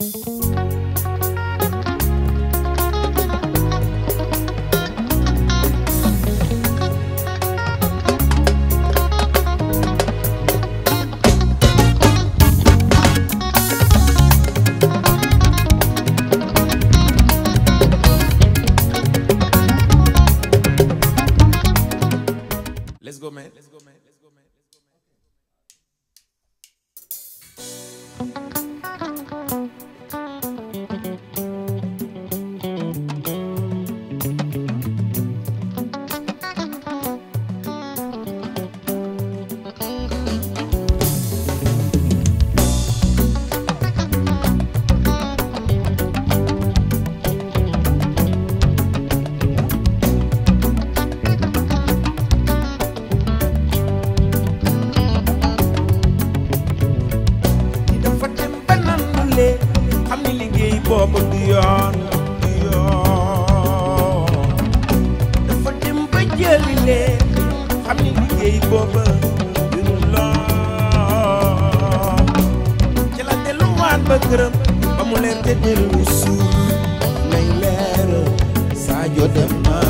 Música ba këram ba mu leer te dellu suuf nay leer Sadio Demba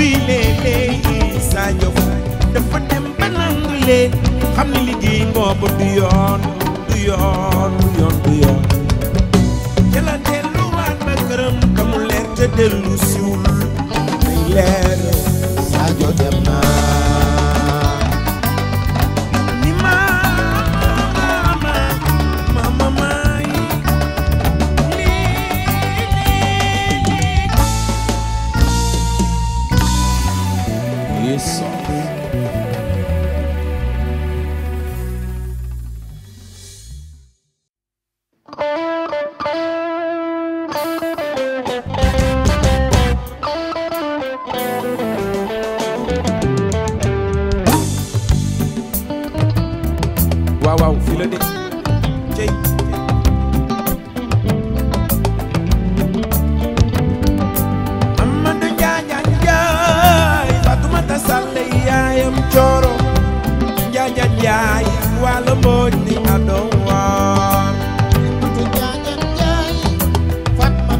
wiile léegi Sa Diouf dafa dem ba nangu leen xam ne liggéey boobu du yoon du yoon du yoon du yoon ca na ka mu leer te dellu siwul day leer Sa Diouf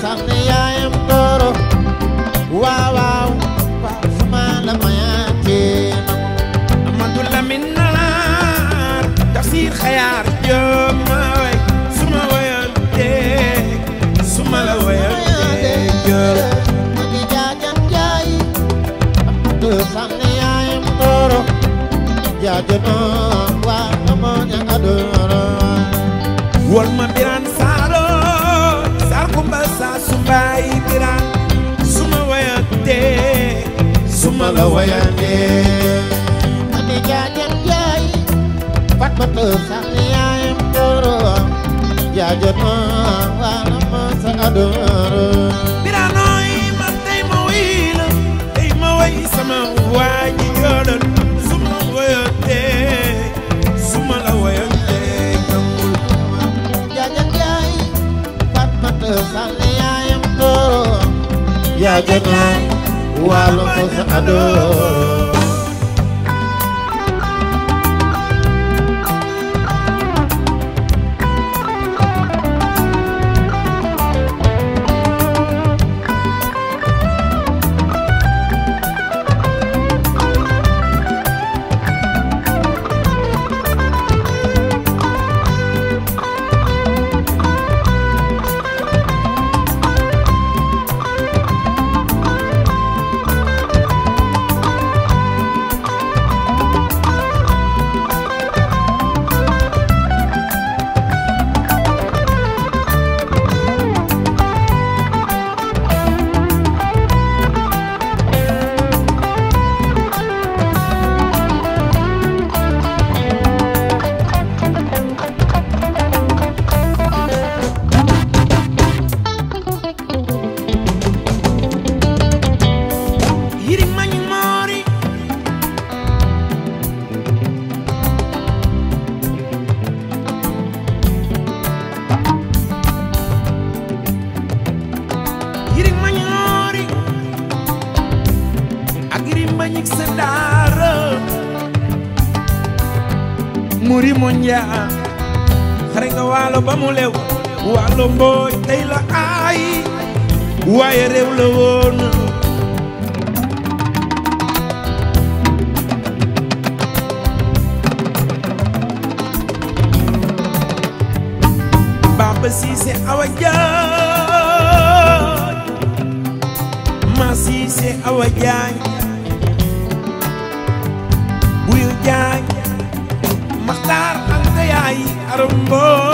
sànni yaayam dooro waaw waaw suma la mayaatee Amadou Lamine Nar Tafsir Xayaar Jóob ma way suma wayantee suma la wayantee Jóob ma di jaajan jaay Amadou sànni yaayam dooro jaajanoo lay biraan su ma wayantee su ma la wayantee ma ne jaajan jaay Fatmata Sall yaayam dooro jaajan waala ma sa adooro biraanooy ma tey ma way la tey ma way sama waaji joodan su ma wayantee su ma la wayantee jaajan jaay Fatmata Sall yaa gën a waalo ko sa adoo Soxla Mbooj tey la aay waaye réew la woon Bamba Siise Awa Jaañ Ma Siise Awa Jaañ Buyu Jaañ Maxtaar Anta yaay Aram Mbooj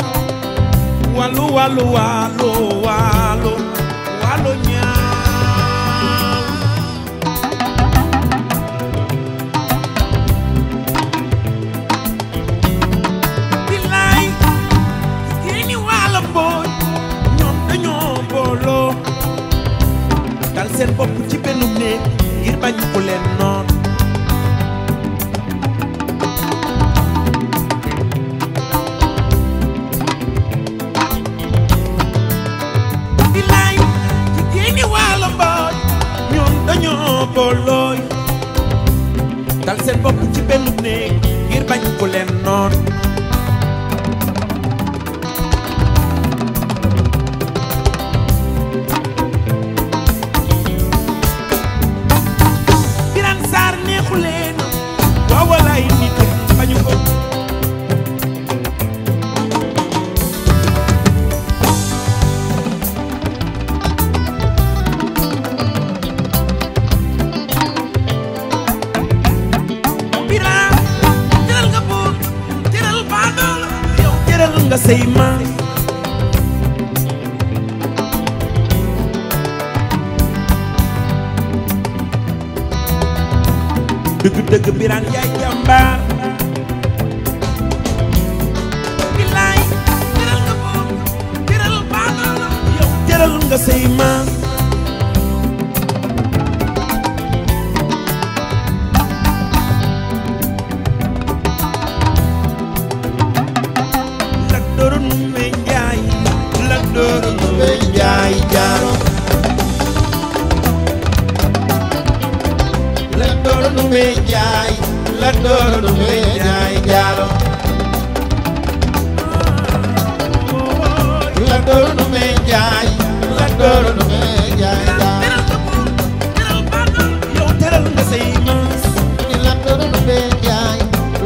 walo walo walo walo walo ñaaw bilaay yeeni walo mbooy ñoom dañoo booloo dal seen bopp ci benn néeg ngir bañ ku leen noon seen bopp ci benn néeg ngir bañ ku leen dumee jaay la dooro dumee jaay jaaro la dooro dumee jaay la dooro dumee jaay jaaro yow teral nga say maas la dooro dumee jaay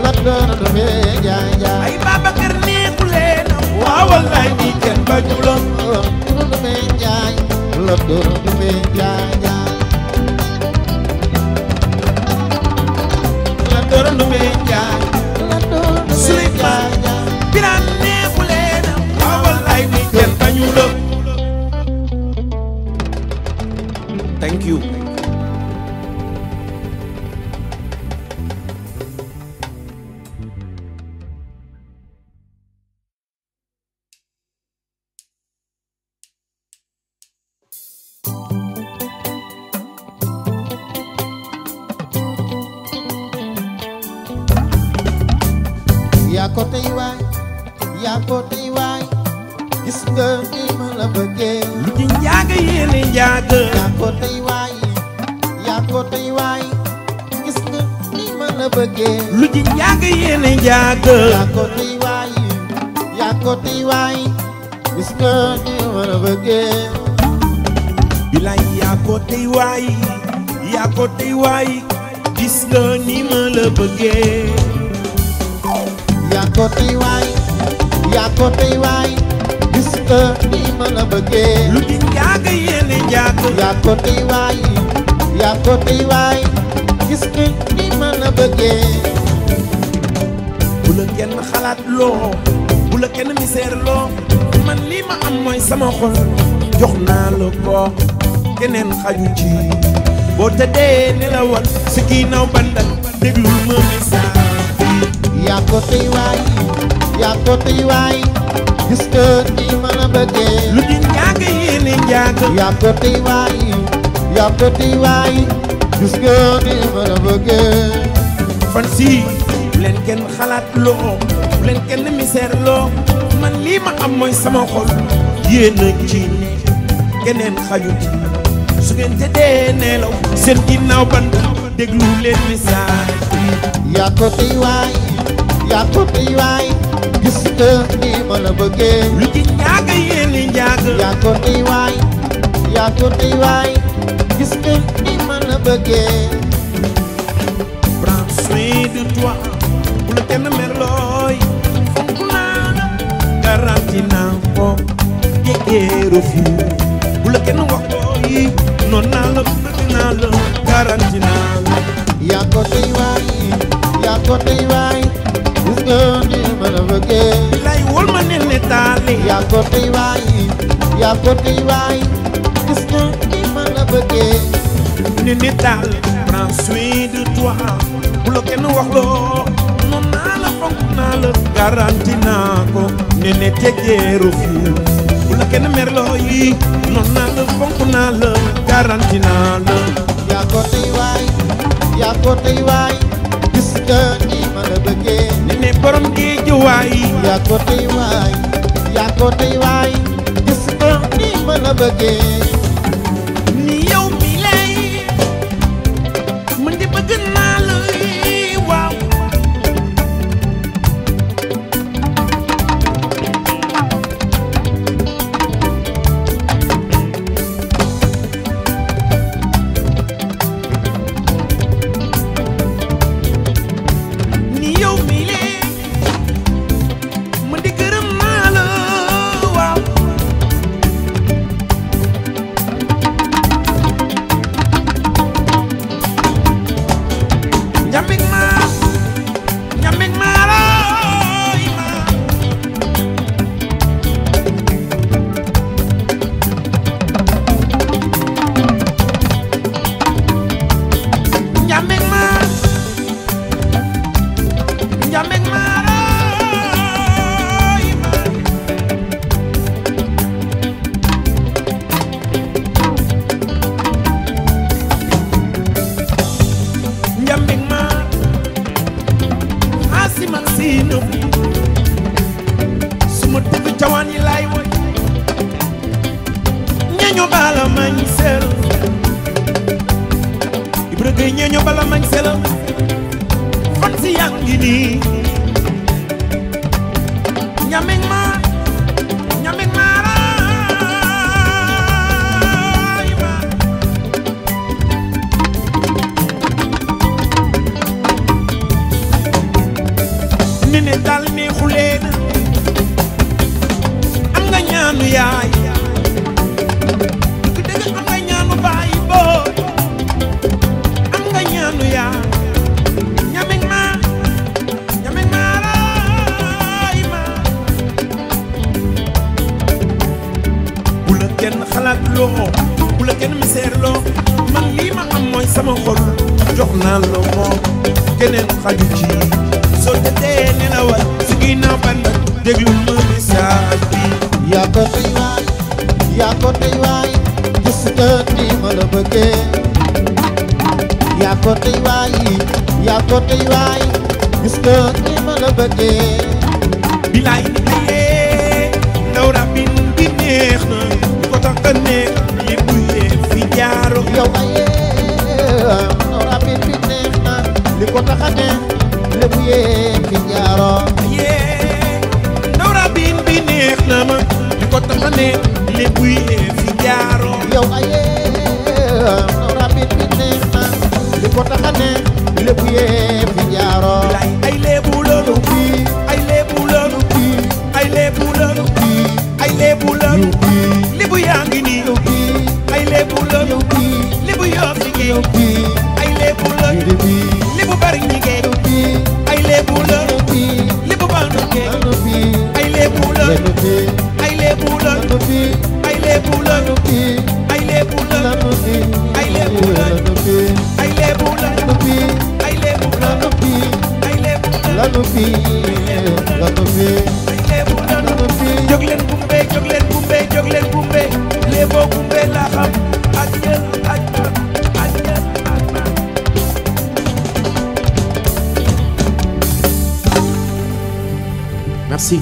la dooro dumee jaay jaaro ay Babacar neexu leen waa wallaay di kenn ba julam la dooro dumee jaay la dooro dumee jaay Agora bem me gis nga ni ma la bëggee. lu ci njaag yéene njaag. yaa ko tey waay yaa ko tey waay gis nga ni ma la bëggee. lu ci njaag yéene njaag. yaa ko tey waay yaa ko tey waay gis nga ni ma la bëggee. bilaay yaa ko tey waay yaa ko tey waay gis nga ni ma la bëggee. yaa ko tey waay yaa ko tey waay. nga mën a bëggee lu di njaaga yéene njaag yaa ko tey waay yaa ko gis nga di mën a bëggee bu la kenn xalaat loo bu la kenn misère loo man lii ma am mooy sama xol jox naa la ko keneen xaju ci boo tëddee ne si ginnaaw bandal déglul ma message yaa ko tey waay yaa ko tey waay gis nga ni a la bëggee. lu di njàng yéene njàng. yaa ko tey waayi yaa ko tey waayi gis nga ni ma la bëggee. si leen kenn xalaat loo bu leen kenn misère loo man lii ma am sama xol. yéen a ci keneen xajut su ngeen tëddee nelaw seen ginnaaw band déglu leen message. yaa ko tey waayi yaa ko gis nga ni a la bëggee. lu ci njaaga yéen bëggee. prends soin de toi bu la kenn mer looy fonk naa la fi bu la kenn wax noon naa la bëgg naa la garanti naa la. yaa ko ni bëggee. bilay wóol ma ne le taale. yaa ko waayi yaa ko tey waayi gis nga ni ma bëggee. ne ne taal. prends soin bu la kenn wax loo. noonu naa la naa la. garanti naa ko. ne ne tegeeru fi. la kenn merloo yi noon naa la fonk naa la garanti naa la yaa ko tey waay tëywaay yaa ko tëywaay yaa ko tëywaay gis nga ni mën a bëggee yaa ko tey waay yaa ko tey waay gis nga ni ma la bëggee yaa ko tey waay yaa ko tey waay gis nga ni ma la bëggee bilaay ni liyee ndaw rabin bi neex na lu ko tax a neex lépp yee fi jaaro yow ayee ndaw rabin bi neex na li ko tax a neex lépp yee fi jaaro dafa ne lépp yi e fi jaaroo yow aye rabit bi neex na li ko tax a ne lépp yi fi jaaroo ay léebu loolu bi ay léebu loolu bi ay léebu loolu bi ay léebu loolu bi lébu yaa ngi nii ay léebu loolu bi lébu yoo fi géew bi ay léebu loolu bi lébu bari ñi géew bi ay léebu loolu bi lébu baax na géew ay léebu loolu bi lébu lañu fi ay lébu lañu fi ay lébu lañu fi ay lébu lañu fi ay lébu lañu fi ay lébu lañu fi ay lébu lañu fi lañu fi ay lébu lañu fi jóg leen kumbe jóg leen kumbe jóg leen kumbe léboo kumbe laa xam ak yéen ak ak yéen ak man merci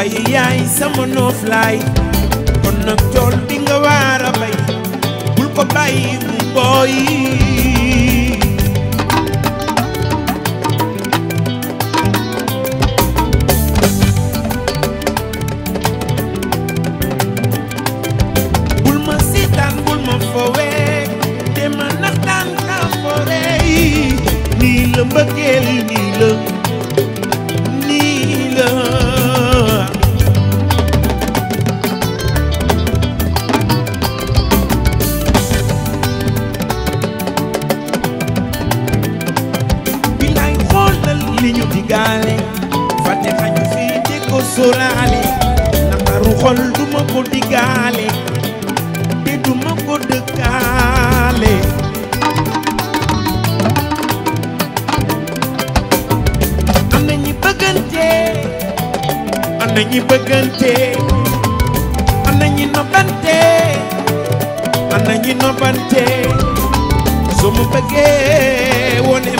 waaye yaay sama nooflaay kon nag cool bi nga a bay bul ko bàyyi booy ko sóoraale naqaru xol duma ko diggaale te duma ko dëkkaale am na ñi bëggante am na ñi bëggante am na ñi noppante am na ñi noppante su ma bëggee wone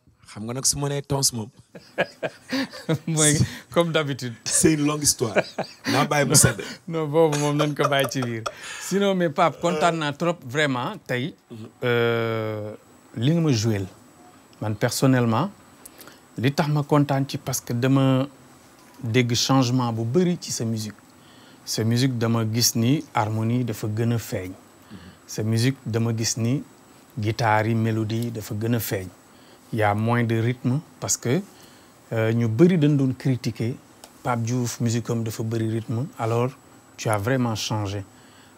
xam nga nag su ma nee tons moom. mooy comme d'habitude. c'est une longue histoire. naa bàyyi mu sedd. non boobu moom nañ ko bàyyi ci biir. sinon mais Pape kontaan naa trop vraiment tey. Euh, li nga ma joué man personnellement li tax ma kontaan ci parce que dama dégg changement bu bëri ci sa musique. sa musique dama gis ni harmonie dafa gën a feeñ. sa musique dama gis ni guitare yi mélodie dafa gën a feeñ il y a moins de rythme parce que euh, ñu bëri dañ le critiquer Pape Diouf musique de de bëri rythme alors tu as vraiment changé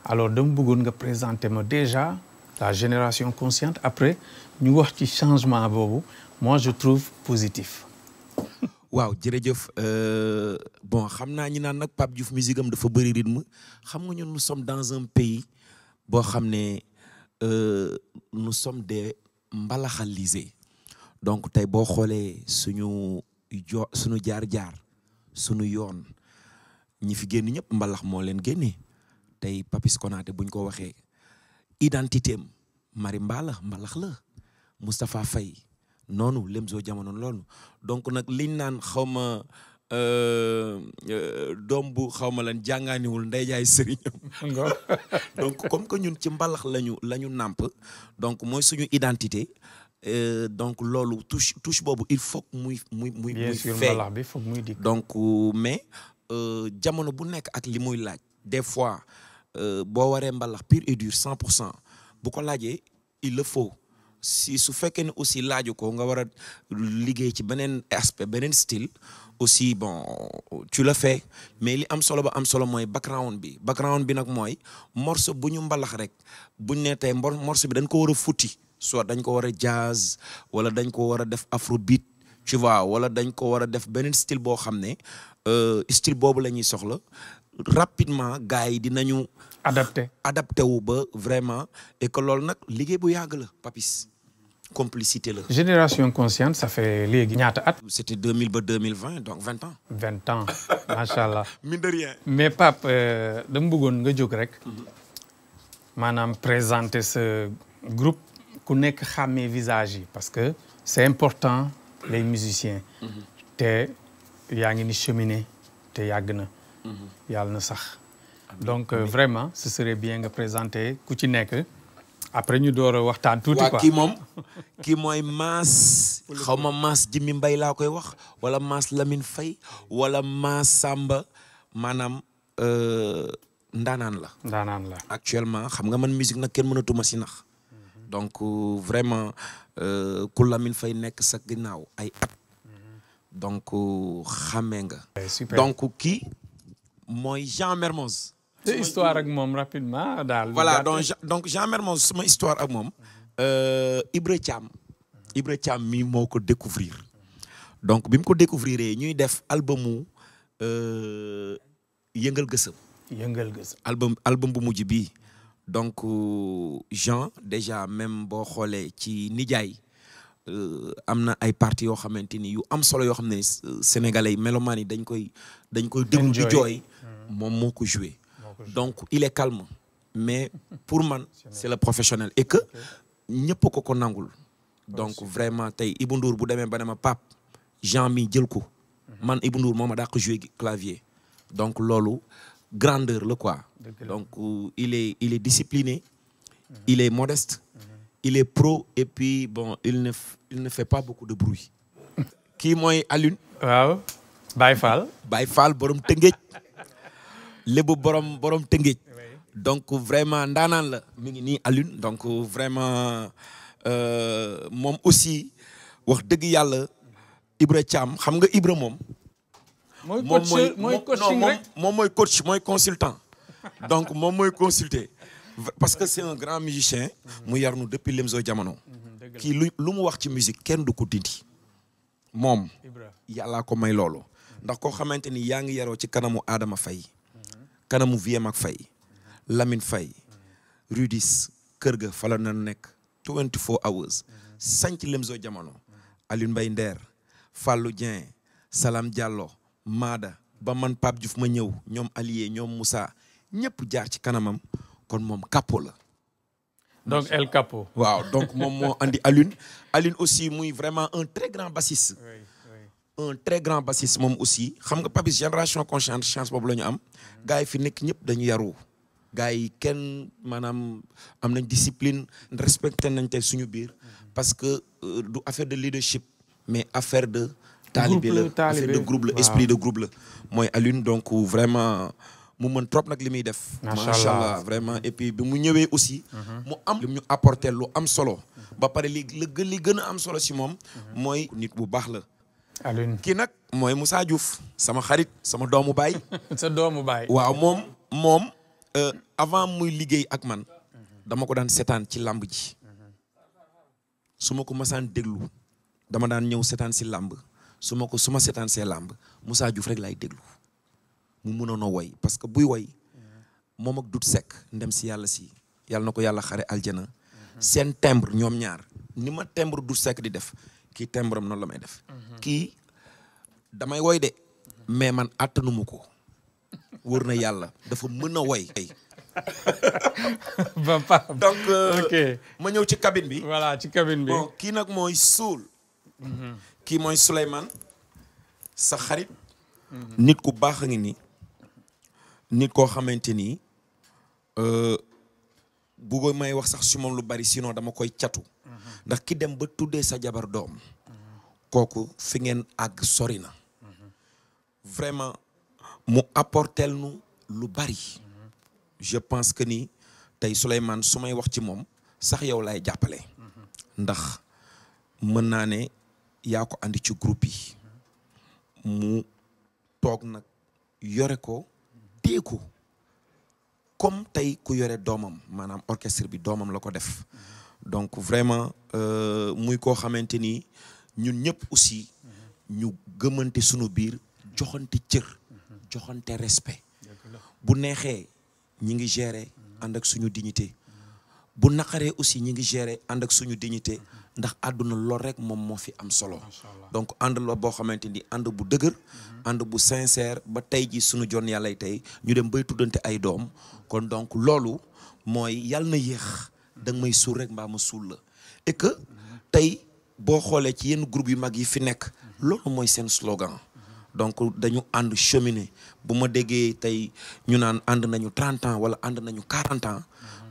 alors dama bëggoon nga présenter déjà la génération consciente après nous voir ci changement boobu moi je trouve positif. Wow, je euh, bon que nous que Pape Diouf musique rythme xam nga que nous sommes dans un pays où euh, nous sommes des malachalisés. donc tey boo xoolee suñu jo suñu jaar-jaar suñu yoon ñi fi génn ñëpp mbalax moo leen génnee tey Papis Konaté buñ ko waxee identité mari mbalax mbalax la mustapha Faye noonu Lemzo jamono loolu donc nag liñ naan xaw ma euh, euh, doom bu xaw ma lan jàngaaniwul ndey jaay sëriñam donc comme que ñun ci mbalax lañu la ñu nàmp donc mooy suñu identité Euh, donc lolo touche touche bobu il faut que muy muy muy fait donc euh, mais euh, jamono bu nek ak li muy laaj des fois bo waré mbalax pur et dur 100% bu ko laajee il le faut si su fekkee aussi laaju ko nga wara liguer ci benen aspect benen style aussi bon tu le fais mais li am solo ba am solo moy background bi background bi nak moy morceau buñu mbalax rek buñ né tay morceau bi dañ ko war soit dañ ko war a jazz wala dañ ko war a def afrobeat tu vois wala dañ ko war a def beneen style boo xam ne euh, style boobu la ñuy soxla rapidement gars yi dinañu. adapté adapté wu ba vraiment et que nag liggéey bu yàgg la papis complicité la. génération consciente ça léegi ñaata at. c' deux mille ba deux mille vingt donc vingt ans. vingt ans macha allah. mine de rien. mais Pape euh, dama bëggoon nga jóg rek. maanaam présenter ce groupe. ku nekk xàmmee visage yi parce que c'est important les musiciens mm-hmm. te yaa ngi ni cheminer te yàgg na mm-hmm. yàlla na sax donc euh, vraiment ce serait bien nga présenter ku ci nekk après ñu door a waxtaan tuuti quoi waaw kii moom kii mooy Mass xaw ma Mass Jimmy Mbaye laa koy wax wala Mass Lamine Fay wala Mass Samba maanaam euh, ndaanaan la ndaanaan la actuellement xam nga man musique nag kenn mënatuma si nax donc euh, vraiment euh, ku Lamine fay nek sa ginnaaw ay donc euh, xamee donc qui Moi, Jean Mermoz. histoire ak mom rapidement voilà donc donc Jean Mermoz mon histoire ak moom. Ibra Thiam. Ibra Thiam mii découvrir donc bim ko découvrir ñuy def albumu yëngal gësëm. yëngal album album bu mujj bi donc euh, Jean déjà même bo xolé ci nijaay euh, amna ay parti yo xamanteni yu am solo yo xam ne euh, sénégalais mélomanie dañ koy dañ koy dégg du jooy mom hmm. moko jouer donc il est calme mais pour man c'est le professionnel et que ñëpp ko ko nangul donc vraiment tay Ibou Ndour bu demee banema ne ma Pape Jean mi jël ko hmm. man Ibou Ndour moo ma clavier donc loolu grandeur le quoi donc euh, il est il est discipliné il est modeste mhm. il est pro et puis bon il ne il ne fait pas beaucoup de bruit Qui moi alune waaw Bayfal. Bayfal Baye borom tëngéej lébu borom borom tëngéej donc vraiment ndaanaan la donc vraiment euh, moi aussi wax dëgg yàlla Ibra Thiam moi coach moi consultant. donc moi suis consulté. parce que c'est un grand musicien. mu yar depuis Lemzo jamono. qui mhm, lu wax ci musique ken du ko dindi. mom yalla ko may lolo ndax ko xamanteni qui ci kanamu Adama fay mhm. kanamu ak qui Lamine fay mhm. Rudis kër ga a na 24 hours sanc Lemzo jamono Aline mbay Fallou Salam Diallo mada ba man pap Diouf ma ñew ñom allié ñom Moussa ñepp jaar ci kanamam kon mom Capo la. donc El Capo. waaw donc mom mo andi aline aline aussi muy vraiment un très grand bassiste. Oui, oui. un très grand bassiste mom aussi xam nga Papis génération consciente chance bobu lañu am. Mhm. gaay fi nek ñepp dañu yaru gaay yi manam am nañ discipline respecté nañ tay suñu biir. Mhm. parce que euh, du affaire de leadership mais affaire de taalibe le affaire de groupe la esprit de groupe moi mooy Alioune donc vraiment mu mën trop nak limi def macha vraiment et puis bi mu ñëwé aussi mhm. mu am li ñu apporter lu am solo ba paré li la li gëna am solo ci mom mhm. moy nit bu bax la alune ki nak moy Moussa Diouf sama xarit sama doomu baay sa doomu baay waaw mom euh avant muy liggéey ak man dama ko daan seetaan ci lamb ji mhm. su ko masaan déglu dama daan ñëw seetaan ci lamb su ma ko su ma seetaan see làmb Moussa Diouf rek Pas deglu mu mënoon a woy parce que buy way mom ak dout sec ndem ci yalla si yalla nako ko xare aljana sen timbre ñom ñaar ni ma timbre dout sec di def ki timbre am non la may def ki damay way de mais man attanuma ko yalla na dafa meuna way woy ba pare donc euh, ma ñew ci cabine bi voilà ci cabine bi bon qui est Suleiman, sa xarit. Mhm. nit ku bax a ngi nit ko xamanteni euh bu may wax sax lu bari sinon dama koy mhm. ndax ki dem ba sa jabar dom fi mhm. vraiment mu apportel nu lu bari. je pense que ni tay Suleiman sumay wax ci mom sax yow lay ndax yaa ko andi ci groupe yi mu toog nag yore ko téye comme tey ku yore doomam maanaam orchestre bi doomam la ko def donc vraiment euh, muy koo xamante ni ñun ñëpp aussi ñu gëmante suñu biir joxante cër joxante respect bu neexee ñi ngi gere ànd ak suñu dignité bu naqaree aussi ñu ngi gérer ànd ak suñu dignité ndax àdduna lool rek moom moo fi am solo donc ànd boo xamante ni ànd bu dëgër ànd bu sincère ba tey ji suñu jon yàllay tey ñu dem bay tuddante ay doom kon donc loolu mooy yàlla na yéex da nga may suul rek mbaa suul la et tey boo xoolee ci yenn groupe yu mag yi fi nekk loolu mooy seen slogan donc dañu ànd cheminer bu ma déggee tey ñu naan ànd nañu 30 ans wala ànd nañu 40 ans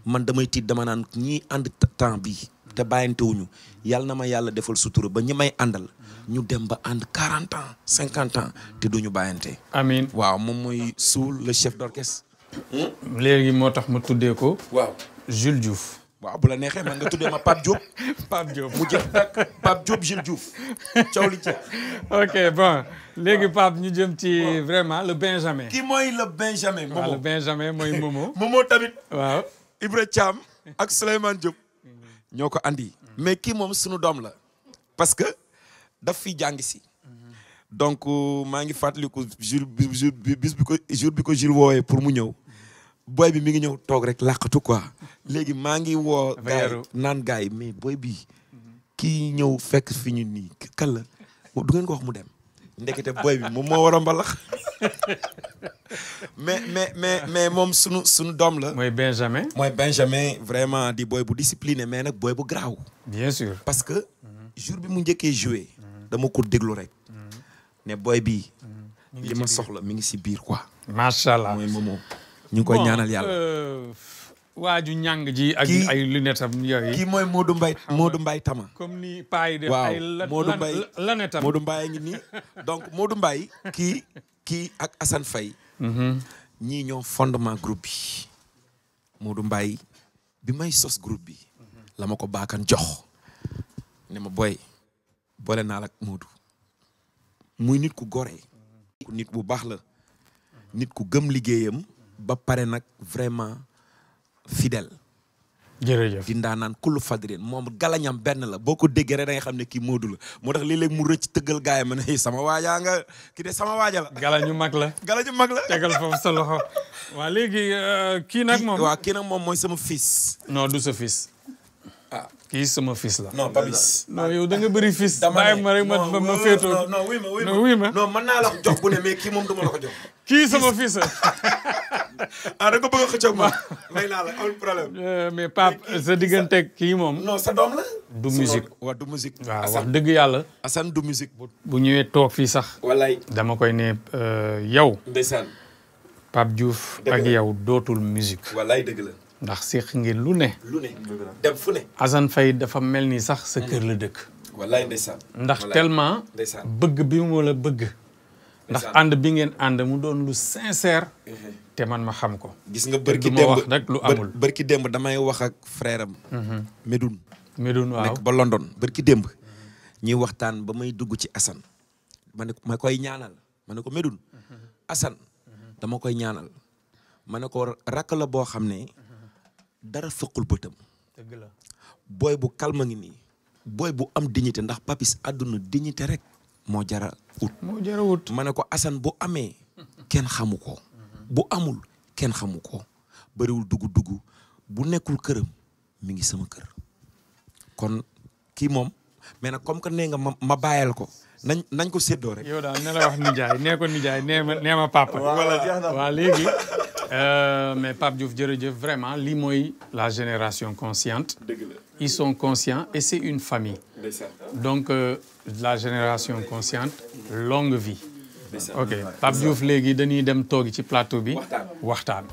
man damay tiit dama nan ñii ànd temps bi te bàyyantewuñu yàlla na ma yàlla defal suturu ba ñi may andal ñu dem ba ànd 40 ans 50 ans te duñu bàyyante amin waaw mom moy suul le chef d'orchestre hmm? légui motax ma tuddé ko waaw Jules Diouf waaw bu la neexee man nga tuddé ma pap Diop pap Diop mu jeex nag pap Diop Jules Diouf caw li ca ok bon légui pap ñu jëm ci vraiment le Benjamin. ki moy le Benjamin ah, Momo le Benjamin moy Momo Momo tamit waaw Ibra Thiam ak Souleymane Diop ñoo ko andi. mais kii moom sunu doom la. parce que daf fi jàng si. donc euh, maa ngi fàttaliku jour bi ko jour bi ko Jules woowee pour mu ñëw. boy bi mi ngi ñëw toog rek làqatu quoi. léegi maa ngi woo. gaay naan gaay mais boy bi kii ñëw fekk fi ñu nii kan la du ngeen ko mu dem. ndekete boy bi mom mo wara a mbalax mais mais mais mais mom sunu sunu dom la. moy Benjamin. moy Benjamin vraiment di boy bu discipliné mais nak boy bu graw bien sûr parce que mhm. jour bi mu njëkkee jouer mhm. dama ko déglu rek. Mhm. ne boy bi li ma soxla mi ngi si biir quoi. machallah moy momo ñu ngi koy ñaanal yalla euh, waaju ñàng ji ak ay lunettes am yooyu. kii mooy Modou Mbaye Modou Mbaye Tama. comme ni paa yi def ay Modou Mbaye lunettes am Modou Mbaye ngi ni donc Modou Mbaye kii kii ak Assane Faye mhm. ñii ñoo fondement groupe bi Modou Mbaye bi may sos groupe bi lama ko baakan jox ne ma boy boole naa la ak muy nit ku gore nit bu baax la nit ku gëm liggéeyam ba pare nag vraiment fidèle jerejeuf di nan kullu fadrin mom galañam ben la boko ko déggee rek da nga xam ki modul motax la mu recc teugal gaay sama waajaa nga ki de sama waaja la. galañu mag la galañu mag la. tegal fofu sa loxo. wa léegi euh, ki nak mom wa ki nak mom moy sama fils. non du sa fils. ah kii sama fils la. non Papis. non yow da nga bëri fils. dama ma rek ma ma non oui ma oui ma non man na la jox bu ne mais ki mom la ko jox. kii sama ah, fils a xëccoog eh, mais Pape sa diggante kii moom. non sa doom la. du musique waaw dëgg yàlla. Assane du bu ñëwee toog fii sax. wallaay dama koy ne euh, yow. ndeysaan. Pape Diouf ak yow dootul musique. wallaay dëgg la. ndax seq ngeen lu ne. lu ne dafa mel ni sax sa mm. kër la dëkk. wallaay ndeysaan. ndax tellement. bëgg bi mu la bëgg. ndax and bi ngeen and mu doon lu sincère. Eh. té man ma xam ko. gis nga barki dem nak lu amul bërki demb damay wax ak frère am. Medoune. Mhm. Medoune waaw nek ba London barki dem ñi waxtaan ba may dugg ci Assane. man ko may koy ñaanal man ko Medoune. Assane dama koy ñaanal. man ko rak la bo xamné dara fekkul bëtam. dëgg la bu calme ngi ni boy bu am dignité ndax papis aduna dignité rek. moo jara ut moo jara ut ma ne ko Assane bu amee kenn xamu ko bu amul kenn xamu ko bariwul dugg-dugg bu nekkul këram mi ngi sama kër kon kii moom mais nag comme que nee nga ma ma bàyyal ko nañ ko séddoo rek. yow daal ne la wax nijaay nee ko nijaay nee ma nee ma papa. waaw léegi. Euh, mais Pape Diouf jërëjëf vraiment lii mooy la génération consciente. ils sont conscients et c'est une famille. donc euh, la génération consciente longue vie. ok Pape Diouf léegi dañuy dem toogi ci plateau bi waxtaan.